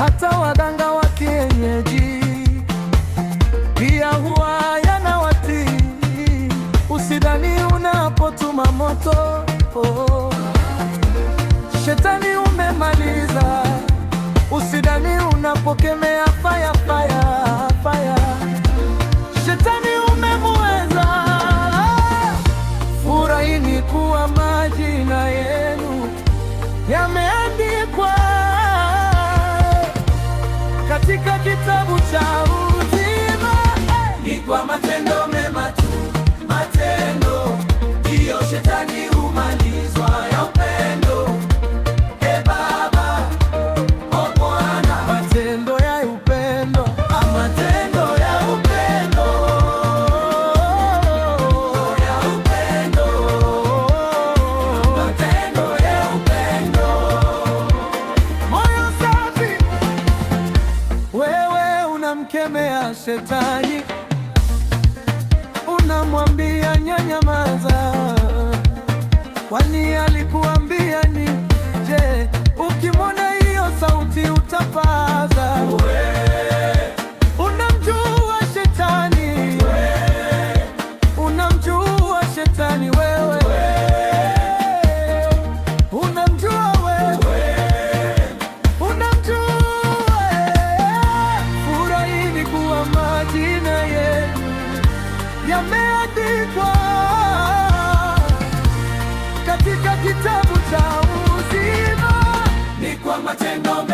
hata waganga wa kienyeji pia huwa yanawati. Usidhani unapotuma moto oh. unamkemea shetani, unamwambia nyanyamaza, kwani alikuambia majina yetu yameandikwa katika kitabu cha uzima, ni kwa matendo